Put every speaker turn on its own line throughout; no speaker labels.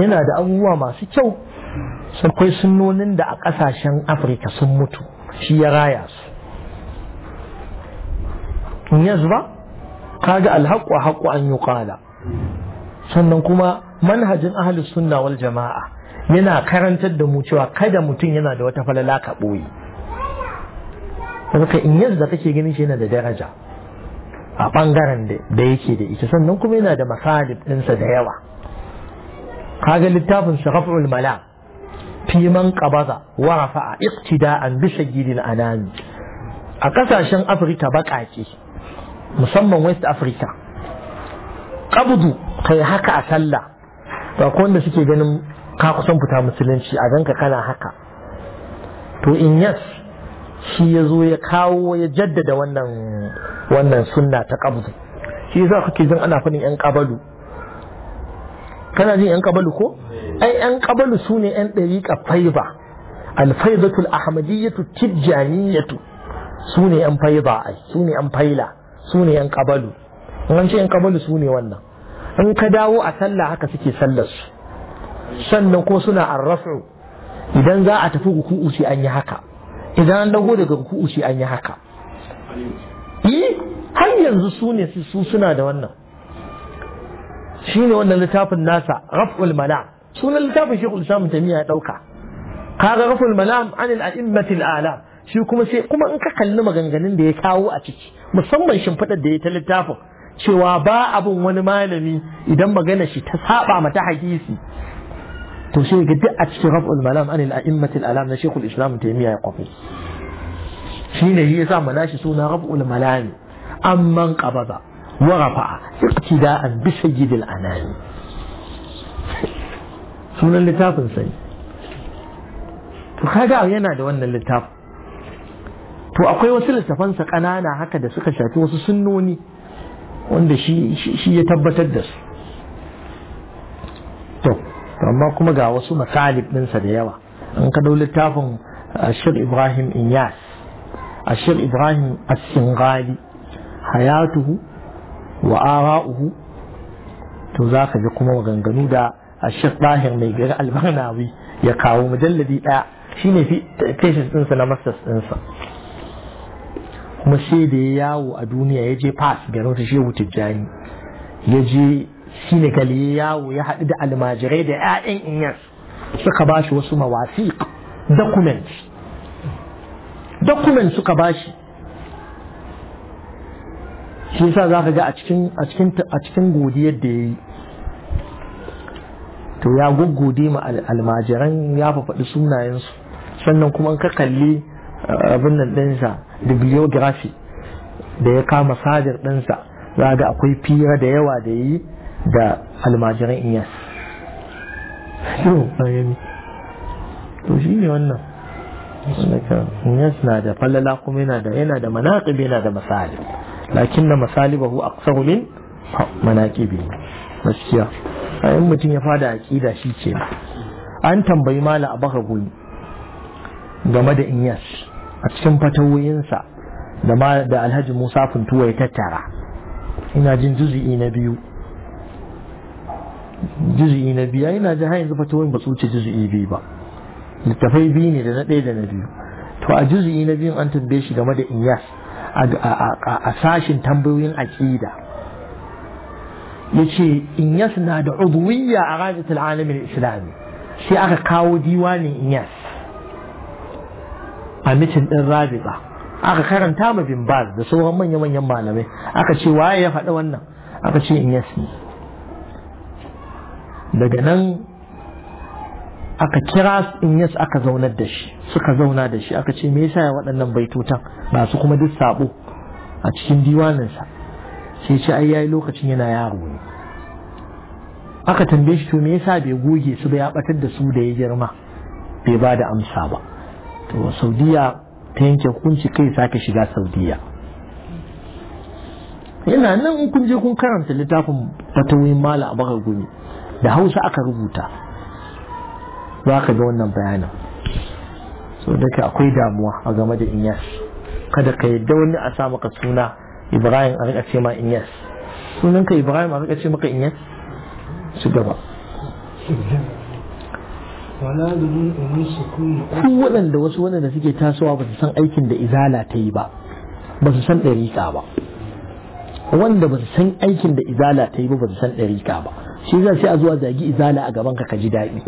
yana da abubuwa masu kyau akwai sunnonin da a ƙasashen afirka sun mutu shi ya raya su in yanzu ba kaga alhaƙwa haƙwa an yi ƙala sannan kuma manhajin ahalus sunna wal jama'a yana karantar da mu cewa kada mutum yana da wata falala ka ɓoye saboda in yanzu da kake ganin shi yana da daraja a ɓangaren da yake da ita sannan kuma yana da masalib ɗinsa da yawa kaga littafin sa raf'ul malam fi man qabaza wa rafa'a iqtida'an bi shayyidil anami a kasashen afirka baƙaƙe musamman west africa qabdu kai haka a sallah ba ko wanda suke ganin ka kusan fita musulunci a ganka kana haka to in yas shi ya zo ya kawo ya jaddada wannan wannan sunna ta qabdu shi yasa kake jin ana faɗin yan qabalu kana jin yan kabalu ko ai yan kabalu su ne yan ɗariƙa faiba alfaidatul ahmadiyyatu tijjaniyatu su ne yan faiba ai su ne yan faila su ne yan kabalu an ce yan kabalu su wannan in ka dawo a sallah haka suke sallar su sannan ko suna arrafu idan za a tafi ruku'u sai an yi haka idan an dago daga ruku'u sai an yi haka yi har yanzu su ne su suna da wannan Shi ne wannan littafin nasa raf'ul manam sunan littafin shekul islam tamiya ya ɗauka kaga raf'ul manam anil a'immatil alam shi kuma sai kuma in ka kalli maganganun da ya kawo a ciki musamman shimfiɗar da ya ta littafin cewa ba abun wani malami idan magana shi ta saba mata hadisi to sai ga duk a cikin raf'ul malam anil a'immatil alam na shekul islam tamiya ya kwafi shine yasa mana shi suna raf'ul malami amman qabada ورفع اقتداء بسيد الأنام سنة لتاف سي فخاقع ينا دوانا لتاف to akwai wasu littafansa ƙanana haka da suka shafi wasu sunnoni wanda shi ya tabbatar da su to amma kuma ga wasu masalib ɗinsa da yawa an ka dau littafin ashir ibrahim inyas ashir ibrahim as-singhali hayatuhu wa uhu, to za ka ji kuma maganganu da a ashir ɗahir mai gari albarnawi ya kawo mujalladi ɗaya shi ne tashin ɗinsa na masters ɗinsa kuma sai da ya yawo a duniya ya je fas garin shi shehu tijjani ya je shi gali ya yawo ya haɗu da almajirai da 'ya'yan inyas suka ba shi wasu mawasi, document document suka ba shi shi sa za ka ga a cikin godiyar da yayi to ya guggode ma almajiran ya faɗi sunayensu sannan kuma ka kalli abin nan ɗinsa bibliography da ya kama sadar ɗinsa za ga akwai fira da yawa da yi da almajiran iyas to shi ne wannan iyas na da falala kuma yana da manaƙi yana da misali lakin masalibahu a min manaqibi gaskiya ayin mutum ya fada ƙida shi ce an tambayi mala baka guri game da inyas a cikin fatawoyinsa da da alhaji musa funtuwa ya tattara ina jin juzi'i na biyu juzi'i na biya. ina jin har yanzu fatawoyin ba su wuce juzi'i biyu ba littafai biyu ne da na ɗaya da na biyu to a juzi'i na biyun an tambaye shi game da inyas a sashin tambayoyin aƙida ya ce inyas na da udwiyya a rajatul alamin islami sai aka kawo diwanin inyas a mitin ɗin rabita aka karanta ma bin baz da sauran manya-manyan malamai aka ce waye ya faɗi wannan aka ce inyas ne daga nan aka kira in Inyas aka zaunar da shi suka zauna da shi aka ce me yasa ya waɗannan baitotan ba kuma duk sabo a cikin sa sai ce ai yayi lokacin yana yaro ne aka tambaye shi to me yasa bai goge su ba ya batar da su da ya girma bai ba da amsa ba to saudiya ta yanke hukunci kai sake shiga saudiya yana nan in kun je kun karanta littafin fatawoyin mala a bakar gumi da hausa aka rubuta za ka ga wannan bayanin so daga akwai damuwa a game da inyas kada ka yadda wani a sa maka suna ibrahim a rika ce ma inyas sunan ka ibrahim a rika ce maka inyas su gaba ku waɗanda wasu waɗanda suke tasowa ba su san aikin da izala ta yi ba ba su san ɗariƙa ba wanda ba su san aikin da izala ta yi ba ba su san ɗariƙa ba shi zai sai a zuwa zagi izala a gaban ka ka ji daɗi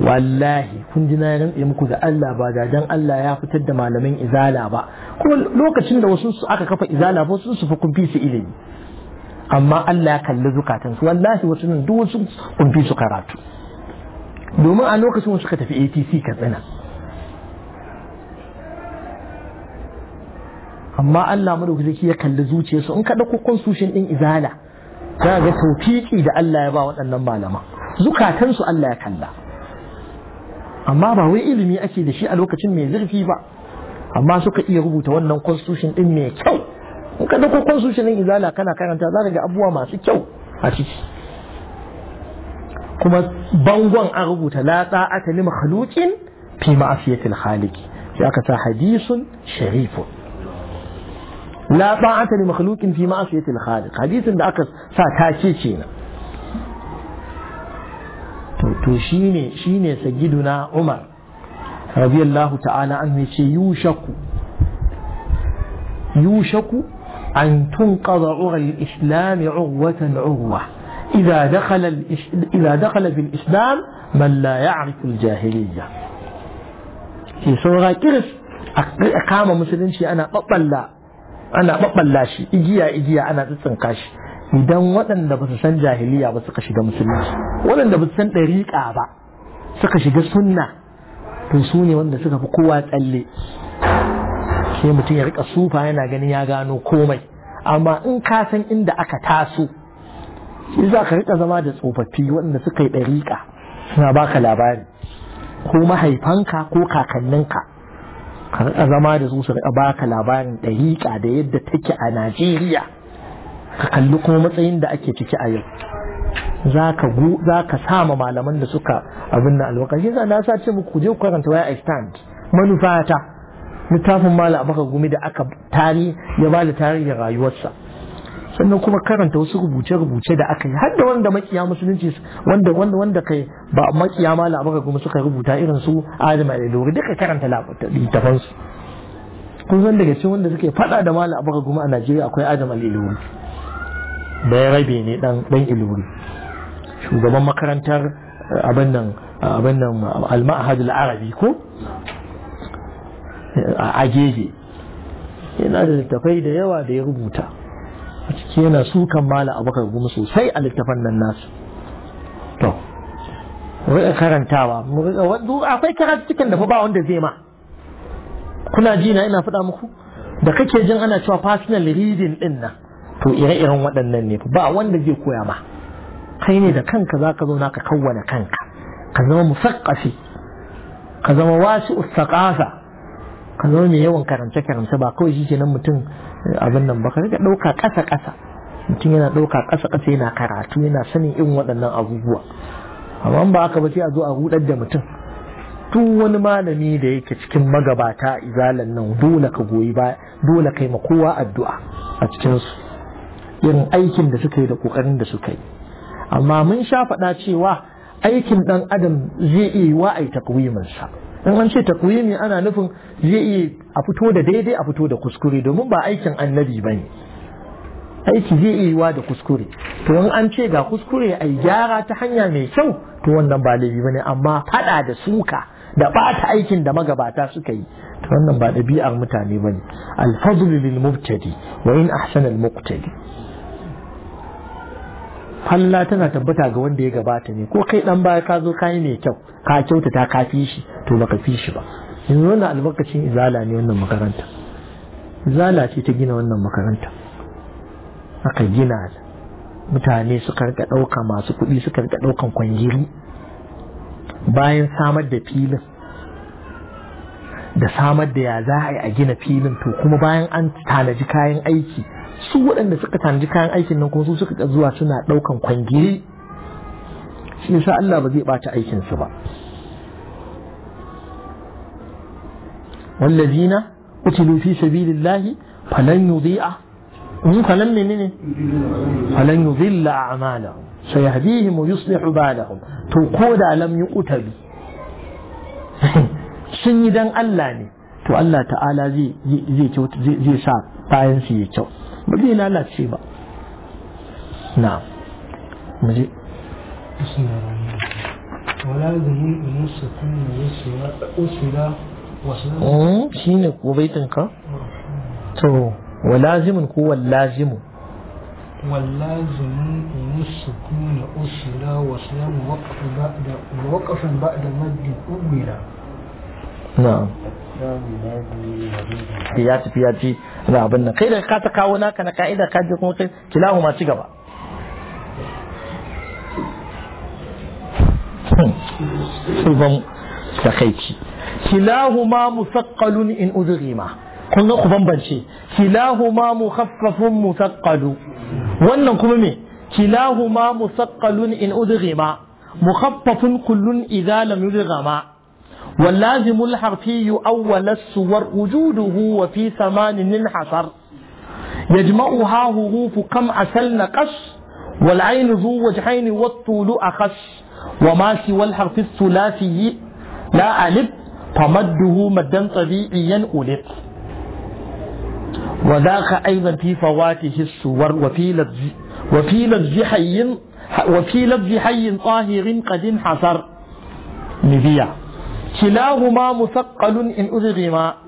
wallahi kun ji na rantse muku da Allah ba da dan Allah ya fitar da malamin izala ba kuma lokacin da wasu aka kafa izala ba wasu su fi kun fi su ilimi amma Allah ya kalli zukatan su wallahi wasu nan duk wasu kun fi su karatu domin a lokacin wasu suka tafi ATC ka tsina. amma Allah madaukaki ya kalli zuciyarsu in ka dauko constitution din izala za ga tawfiki da Allah ya ba waɗannan malama zukatansu Allah ya kalla amma ba wai ilimi ake da shi a lokacin mai zurfi ba amma suka iya rubuta wannan constitution din mai kyau in ka dauko constitution din izala kana karanta za ka ga abubuwa masu kyau a ciki kuma bangon an rubuta la ta'ata li makhluqin fi ma'asiyatil khaliq sai aka sa hadisun sharifun la ta'ata li makhluqin fi ma'asiyatil khaliq hadisin da aka sa tace kenan to shine shine sayyiduna Umar radiyallahu ta'ala an yace yushaku yushaku أن تنقض عرى الإسلام عروة عروة إذا دخل, إذا دخل في الإسلام من لا يعرف الجاهلية في سورة كرس أقام مسلم شي أنا بطلع أنا بطلع شي إجيا إجيا أنا تتنقاش idan waɗanda ba su san jahiliya ba suka shiga musulunci waɗanda ba su san ɗariƙa ba suka shiga sunna to su ne wanda suka fi kowa tsalle sai mutum ya riƙa sufa yana ganin ya gano komai amma in ka san inda aka taso shi za ka riƙa zama da tsofaffi waɗanda suka yi ɗariƙa suna baka labari ko mahaifanka ko kakanninka ka riƙa zama da su su ba baka labarin ɗariƙa da yadda take a najeriya ka kalli kuma matsayin da ake ciki a yau za ka gu za ka sama malaman da suka abin na alwaka shi na sa ce muku je ku karanta waya I stand manufata littafin malam abaka gumi da aka tari ya ba da tarihin rayuwarsa sannan kuma karanta wasu rubuce-rubuce da aka yi hadda wanda makiya musulunci wanda wanda wanda kai ba makiya malam abaka gumi suka rubuta irin su Adam al-Dori duka karanta littafan su kun san daga cikin wanda suke fada da malam abaka gumi a Najeriya akwai Adam al rabe ne dan iluri shugaban makarantar eh, abin nan eh, eh, al-ma'had al-arabi ko a agege yana da littafai da yawa da ya rubuta a ciki yana sukan mala bakar gumu sosai a littafan nan nasu to rika karantawa akwai cikin da ba wanda zai ma kuna ji na ina faɗa muku da kake jin ana cewa personal reading din nan to ire-iren waɗannan ne ba wanda zai koya ma kai ne da kanka za ka na ka kawwana kanka ka zama musaƙafi ka zama wasu ustaƙasa ka zama mai yawan karance-karance ba kawai shi nan mutum eh, abin nan ba ka ɗauka ƙasa-ƙasa mutum yana ɗauka ƙasa-ƙasa yana karatu yana sanin irin waɗannan abubuwa amma ba aka ba sai a zo a buɗar da mutum tun wani malami da yake cikin magabata izalan nan dole ka goyi ba dole kai ma kowa addu'a a cikinsu irin aikin da suka yi da ƙoƙarin da suka yi amma mun sha faɗa cewa aikin ɗan adam zai iya wa a takwiminsa in an ce takwimi ana nufin zai iya a fito da daidai a fito da kuskure domin ba aikin annabi ba ne aiki zai iya wa da kuskure to in an ce ga kuskure a gyara ta hanya mai kyau to wannan ba laifi ba amma faɗa da suka da ɓata aikin da magabata suka yi to wannan ba ɗabi'ar mutane ba ne alfazlu lil mubtadi wa in ahsana al muqtadi falla tana tabbata ga wanda ya gabata ne ko kai dan baya ka zo ka yi mai kyau ka kyauta ta ka fi shi to baka fi shi ba yanzu wannan albarkacin izala ne wannan makaranta izala ce ta gina wannan makaranta aka gina mutane suka rika ɗauka masu kuɗi suka rika ɗaukan kwangiri bayan samar da filin da samar da ya za a yi a gina filin to kuma bayan an tanaji kayan aiki su waɗanda suka tanji kayan aikin nan kuma su suka zuwa suna ɗaukan kwangiri shi yasa Allah ba zai ɓata aikinsu ba wallazina qutilu fi sabilillahi falan yudhi'a mun hmm, falan menene falan yudhilla a'malahum sayahdihim wa yuslihu balahum to ko da lam yuqtalu sun yi dan Allah ne to Allah ta'ala zai zai zai sa bayan su yi kyau بدينا لا لا تشيبا نعم مجي بسم الله الرحمن
الرحيم ولا يظهر النص كل ما يسوى أسفل وسلام
شينك وبيتنك تو ولازم هو اللازم
واللازم ان السكون اسرى وسلام
وقف بعد وقف بعد مد اجمل
نعم ya tafi ya ci za nan kai da ka ta kawo naka na ka'ida ka je kuma kai kilahu ma ci gaba uban takaici kilahu ma musaqqalun in udghima kun ku bambance kilahu ma mukhaffafun musaqqalu wannan kuma me kilahu ma musaqqalun in udghima mukhaffafun kullun idza lam yudghama واللازم الحرفي أول السور وجوده وفي ثمان انحصر يجمعها حروف كم أسل نقص والعين ذو وجهين والطول أخص وما سوى الحرف الثلاثي لا ألف فمده مدا طبيعيا ألف وذاك أيضا في فواته السور وفي لفظ وفي لفظ حي وفي لفظ حي طاهر قد انحصر نبيع كلاهما مثقل إن أذغما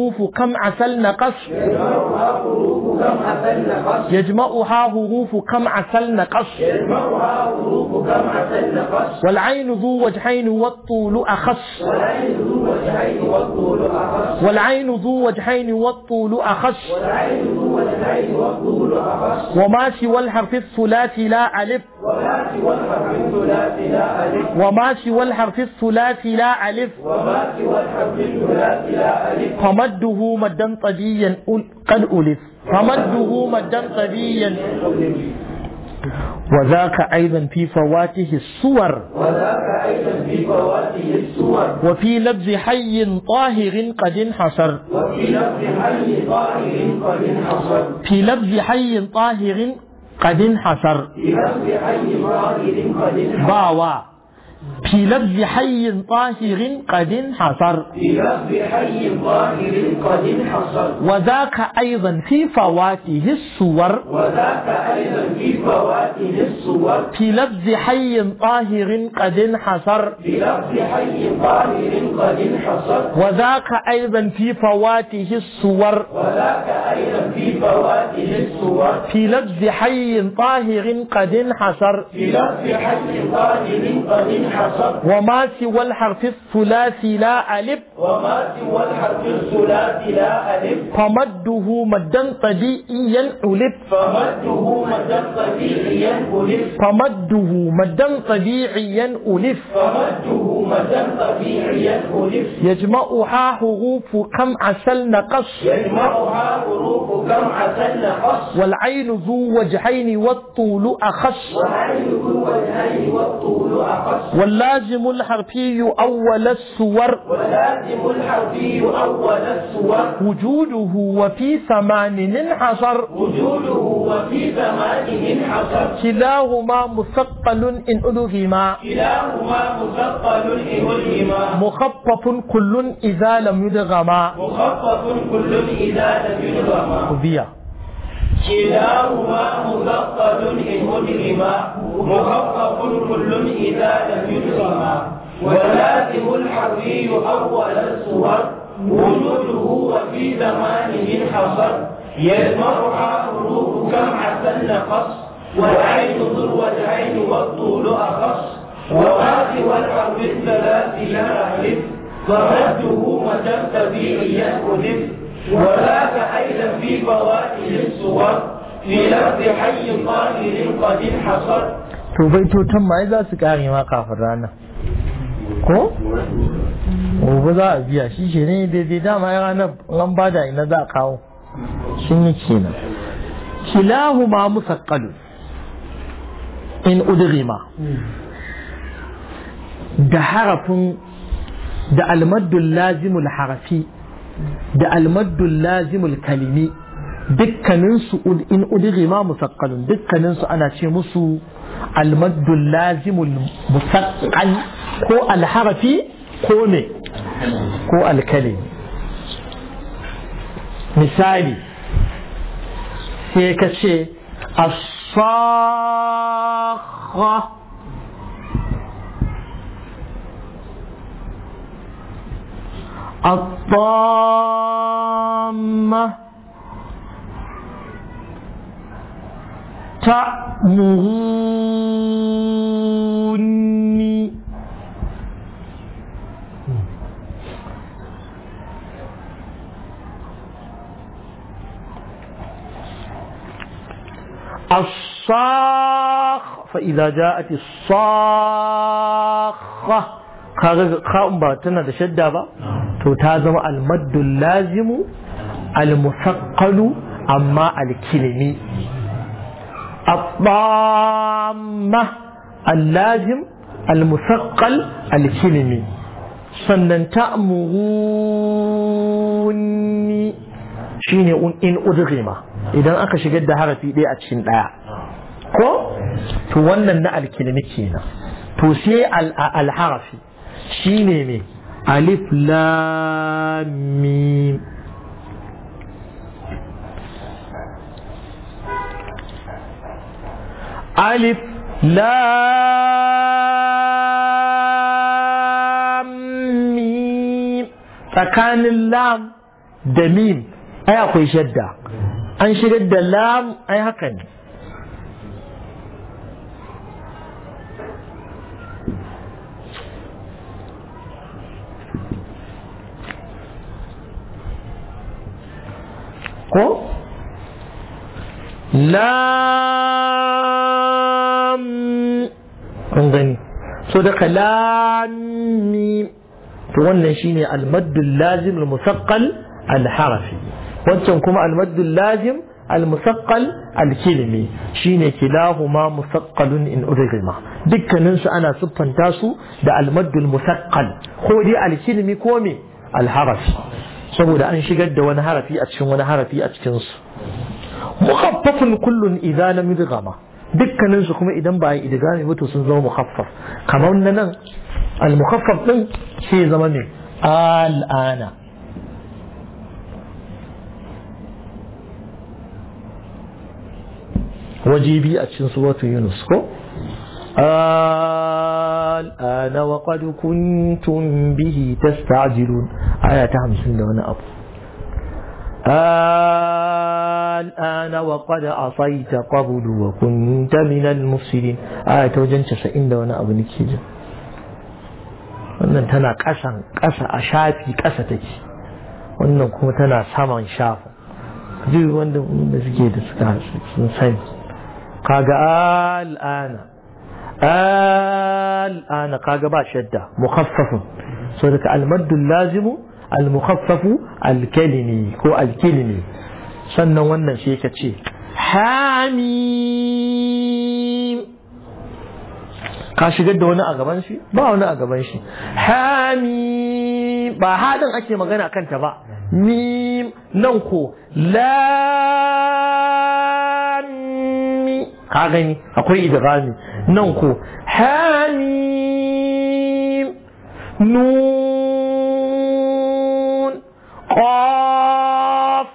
حروف كم عسلنا قصر يجمعها حروف كم عسلن قصر والعين ذو وجهين والطول أخص والعين ذو وجهين والطول أخص وما سوى الحرف الثلاثي لا ألف وما سوى الحرف الثلاثي لا ألف
وما سوى الحرف الثلاثي لا ألف
فمده مدا طبيا قد ألف فمده
مدا طبيا
وذاك أيضا في فواته الصور
وذاك أيضا في فواته الصور
وفي لبز حي طاهر قد انحصر
وفي لبز حي طاهر قد
انحصر في لبز حي طاهر قد انحصر
في لبز حي طاهر قد انحصر
باوا في لفظ حي طاهر قد انحصر في لفظ حي
طاهر قد انحصر
وذاك أيضا في فواته الصور
وذاك أيضا في فواته الصور
في لفظ حي طاهر قد انحصر
في لفظ حي طاهر قد انحصر
وذاك أيضا في فواته الصور
وذاك أيضا في فواته الصور
في لفظ حي طاهر قد انحصر في لفظ
حي طاهر قد انحصر
وما سوى الحرف الثلاثي لا ألف
وما سوى الحرف الثلاثي لا ألف
فمده مدا طبيعيا ألف فمده
مدا طبيعيا ألف
فمده مدا طبيعيا ألف
فمده مدا طبيعيا ألف
يجمعها حروف كم عسل نقص يجمعها
حروف كم عسل
نقص والعين ذو وجهين والطول أخص والعين
ذو وجهين
والطول أخص واللازم الحرفي أول السور
واللازم الحرفي أول السور
وجوده وفي ثمان انحصر
وجوده وفي ثمان انحصر
كلاهما مثقل إن ألهما كلاهما
مثقل إن ألهما
مخفف كل إذا لم يدغما
مخفف كل إذا لم يدغما كلاهما مفقد إن أدغما مخفف كل إذا لم يدغما ولازم الحري أول الصور وجوده وفي زمانه انحصر يجمعها حروف كم عسى النقص والعين ذو الوجهين والطول أخص وغاز سوى الثلاث لا ألف فرده متى الطبيعي يأخذ وذاك أيضا في بوائل الصور في لفظ حي قائل قد انحصر
to baitotan ma za su kare ma kafin rana ko? gobe za a biya shi ke ne daidai dama ya ranar ran bada ina za a kawo sun yi kenan kilahu ma musakkalu in udrima da harafin da almaddun lazimul harafi da almaddul lazimul kalimi dukkanin su in udiri ma musakkalun su ana ce musu almaddul lazimul musakkal ko alharafi ko ne ko alkalimi misali sai ka ce as الطامة
تأمروني
الصاخ فإذا جاءت الصاخة kaga ka'un ba tana da shadda ba to ta zama almaddul lazimu almusaqalu amma alkilimi الضامة اللازم المثقل alkilimi. sannan ta'muruni shine in udrima idan aka shigar da harafi ɗaya a cikin ɗaya ko to wannan na alkilmi kenan to sai al-harafi shine ne alif lam mim alif lam mim tsakanin lam da mim ai akwai shadda an shigar da lam ai haka ne ko lam an gani so daga lamim to wannan shine almaddul lazim almusaqqal alharafi wancan kuma almaddul lazim المثقل الكلمي شيني كلاهما مثقل إن أدغما دكا ننسى أنا سبا تاسو دا المد المثقل هو دي الكلمي كومي الحرف saboda an shigar da wani harafi a cikin wani harafi a cikin su
mukhaffafun
kullun idza lam yudghama dukkanin su kuma idan ba a idgami ba to sun zama mukhaffaf kamar na nan al mukhaffaf din sai zama ne al ana wajibi a cikin su wato yunus ko
الآن
وقد كنتم به تستعجلون آية تعمل سنة وانا أبو الآن وقد عصيت قبل وكنت من المفسدين آية وجنت سئن دا وانا أبو نكيجا wannan tana ƙasan ƙasa a shafi ƙasa take wannan kuma tana saman shafa duk wanda suke da suka sun sani kaga al'ana al'ana kaga ba shadda mukhaffafun so daga almaddul lazimu almukhaffafu alkalimi ko alkilimi sannan wannan shi yake ce hamim ka shigar da wani a gaban shi ba wani a gaban shi hamim ba hadin ake magana kanta ba ميم نوكو لا قاغني أقول إدغامي نوكو
حاميم
نون قاف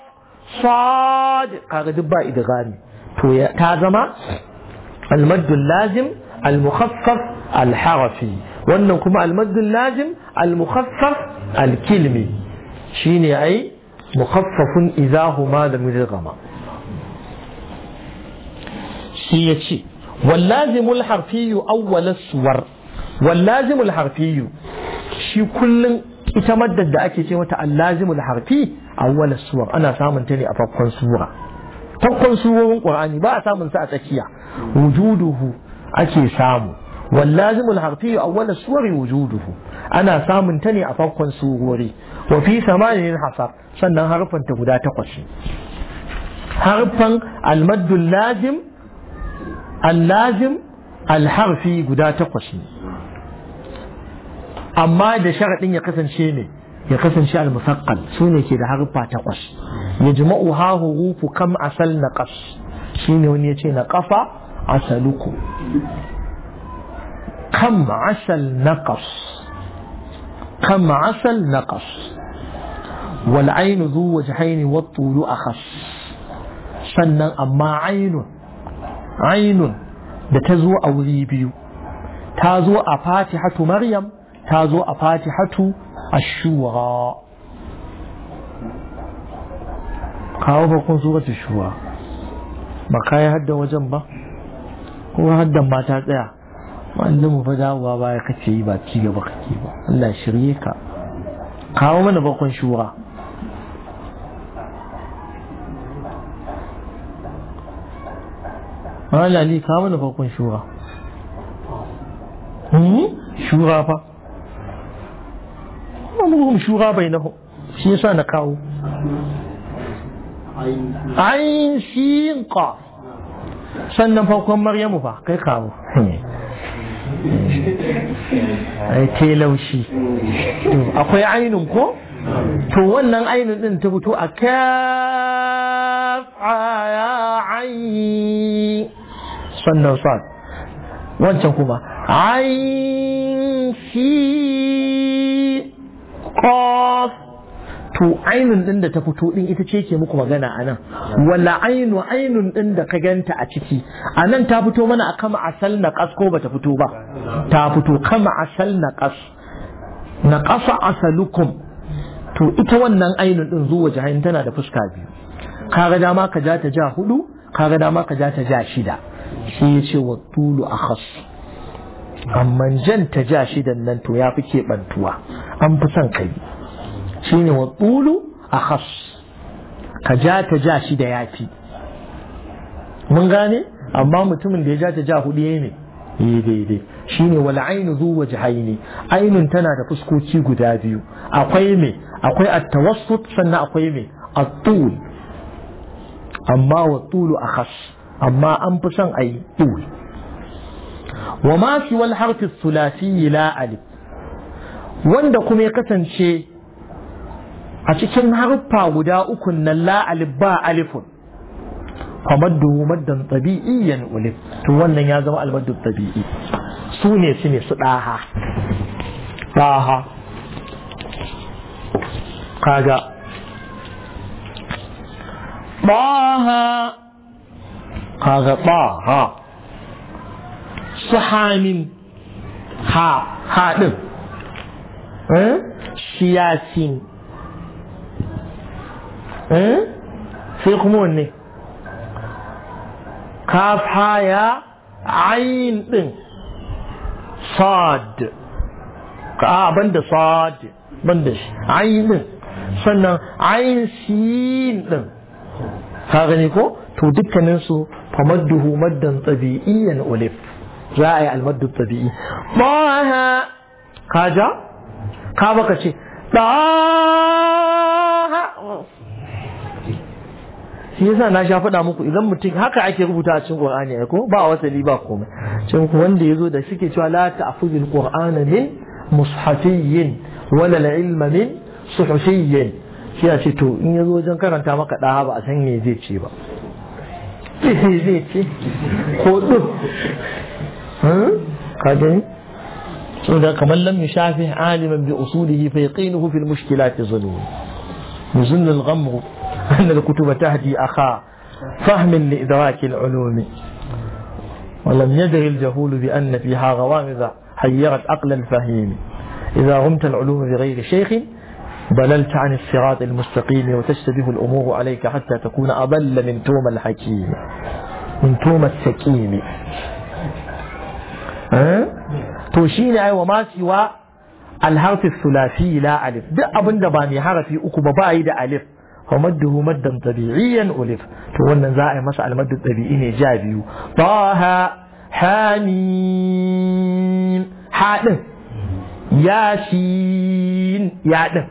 صاد قاغد با تو يا تازما المد اللازم المخفف الحرفي وأنكم المد اللازم المخفف الكلمي shine ai mukhaffafun izahuma da mudghama shi yace wallazimul harfiyyu awwal as-suwar wallazimul harfiyyu shi kullun ita maddar da ake ce mata allazimul harfi awwal as-suwar ana samun ta ne a farkon sura farkon surorin qur'ani ba a samun sa a tsakiya wujuduhu ake samu واللازم الحرفي أول الصور وجوده أنا سامن تني أفوق صوري وفي ثمان حصر سنة حرفا تقدا تقشي حرفا المد اللازم اللازم الحرفي قدا تقشي أما إذا شرط إن يقسم شيني ya kasance al-musaqqal sune ke da harfa takwas yajma'u ha hurufu kam asal naqas shine wani yace na قم عسل نقص قم عسل نقص والعين ذو وجهين والطول أخص سنن أما عين عين تزو أولي بيو تازو أفاتحة مريم تازو أفاتحة الشورى كيف يكون سورة الشورى ما كان يهدى وجنبه هو هدى ما تزيع. wanda mu fa dawowa baya kace yi ba ci gaba kake ba Allah shirye ka kawo mana bakon shura Allah ne kawo mana bakon shura hmm? shura fa mu shura bai na shi yasa na kawo ayin shinqa sannan farkon maryamu fa kai kawo hmm.
te laushi akwai ainun ko
to wannan ainun din ta fito a kaf ya ayi sannan sa wancan kuma ayin shi kof to ainun din da ta fito din ita ce ke muku magana a nan wala ainu ainun din da ka ganta a ciki a nan ta fito mana a kama asal na kasko ba ta fito ba ta fito kama asal naqas naqasa asalukum to ita wannan ainun din zuwa jahin tana da fuska biyu kaga dama ka ja ta ja hudu kaga dama ka ja ta ja shida shi yace wa tulu akhas amma jan ta ja shidan nan to
yafi kebantuwa
an fi son kai shine wa tulu akhas ka ja ta ja shida yafi mun gane amma mutumin da ya ja ta ja hudu ne yi daidai shine wal ainu zu wajhaini ainun tana da fuskoki guda biyu akwai me akwai at-tawassut sannan akwai me at-tul amma wa tulu akhas amma an fi son ayi tul wa ma shi wal harfi thulathi la alif wanda kuma ya kasance a cikin harfa guda ukun nan la ba alifun famaddu maddan tabi'iyan ulif to wannan ya zama almaddu tabi'i su ne su ne su daha daha kaga daha kaga daha su hamin ha ha din eh siyasin eh sai kuma wanne kaf haya ayin din sad a banda sad banda shi ayin din sannan ayin sin din ka gani ko to dukkanin su famadduhu maddan tabi'iyyan ulif za a yi almaddu tabi'i
baha
kaja ka baka ce ɗaha shi yasa na sha fada muku idan mutum haka ake rubuta a cikin qur'ani ai ko ba wasali ba komai cin ku wanda yazo da suke cewa la ta'fuzul qur'ana min mushafiyyin wala al-ilma min suhufiyyin shi ya ce to in yazo wajen karanta maka da ba a san me zai ce ba
zai ce ko duk
ka ga sun da kamar lam yushafi aliman bi usulihi fa yaqinuhu fil mushkilati zulum yuzunnu ghamr أن الكتب تهدي أخا فهم لإدراك العلوم ولم يدر الجهول بأن فيها غوامض حيرت عقل الفهيم إذا غمت العلوم بغير شيخ بللت عن الصراط المستقيم وتشتبه الأمور عليك حتى تكون أضل من توم الحكيم من توم السكيم أه؟ توشيني أي أيوة وما سوى الحرف الثلاثي لا ألف ده أبن دباني حرفي أكو ببايد ألف fa madduhu maddan tabi'iyan ulif to wannan za a yi masa almaddu tabi'i ne ja biyu taha hamim hadin yashin yadin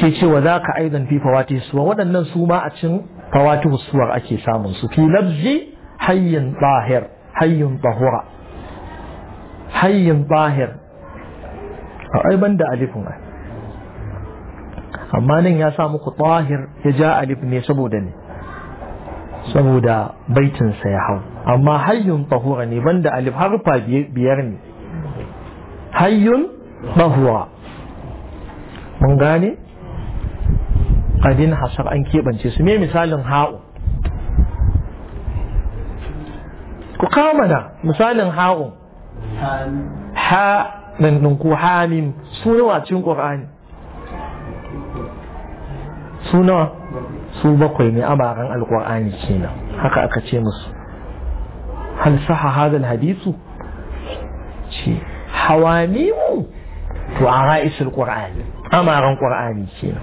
sai ce wa zaka aidan fi fawati suwa waɗannan su ma a cin fawati suwa ake samun su fi labzi hayyin tahir hayyin tahura hayyin tahir a ai banda alifin ai amma nan ya sa muku tahir ya ja alif ne saboda ne saboda baitinsa ya hau amma hayyun tahura ne banda alif harfa biyar ne hayyun tahura mun gane ƙadin hasar an keɓance su me misalin ha'u ku kama da misalin ha'u ha ɗanɗanku hamim sunuwa cin su nawa su bakwai ne abaran alkur'ani kenan haka aka ce musu hal saha hadal hadisu ce hawami mu to a ra'isul ƙur'ani. amaran qur'ani kenan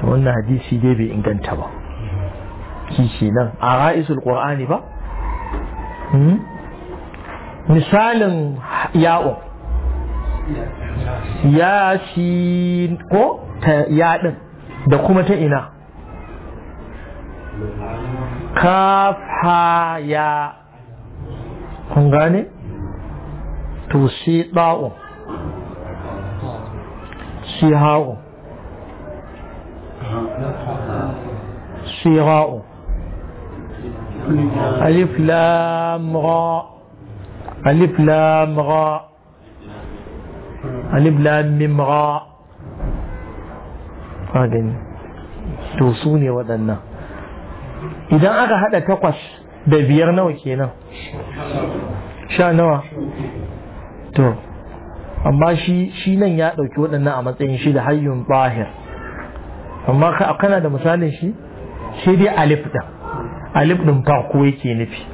to wannan hadisi dai bai inganta ba shi nan a ra'isul ƙur'ani ba hmm? misalin ya'un ya shi ko ta yaɗin da kuma ta ina kafa ya kun gane to shi ɗa'un shi ha'o shi ra'un alif lam ra alif lam ra alif lam mim ra a gani to su ne waɗannan idan aka haɗa takwas da biyar nawa kenan sha nawa to amma shi nan ya ɗauki waɗannan a matsayin shi da hayyun bahir amma kana da misalin shi sai dai alif ɗin alif ɗin farko yake nufi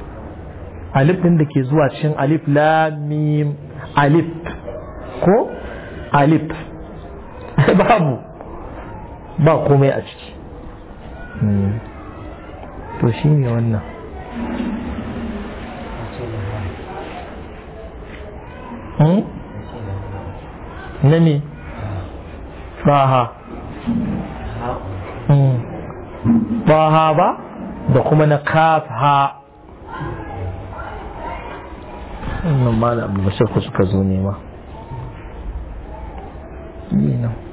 alif ɗin da ke zuwa cikin alif lamim alif ko alif babu ba komai a ciki hmm. to shi ne wannan hmm? na ne faha baha hmm. ba da kuma na kafa wannan ma da abu bashir suka zo nema yi nan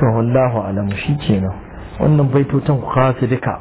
to wallahu alamu kenan wannan baitotan ku kawo su duka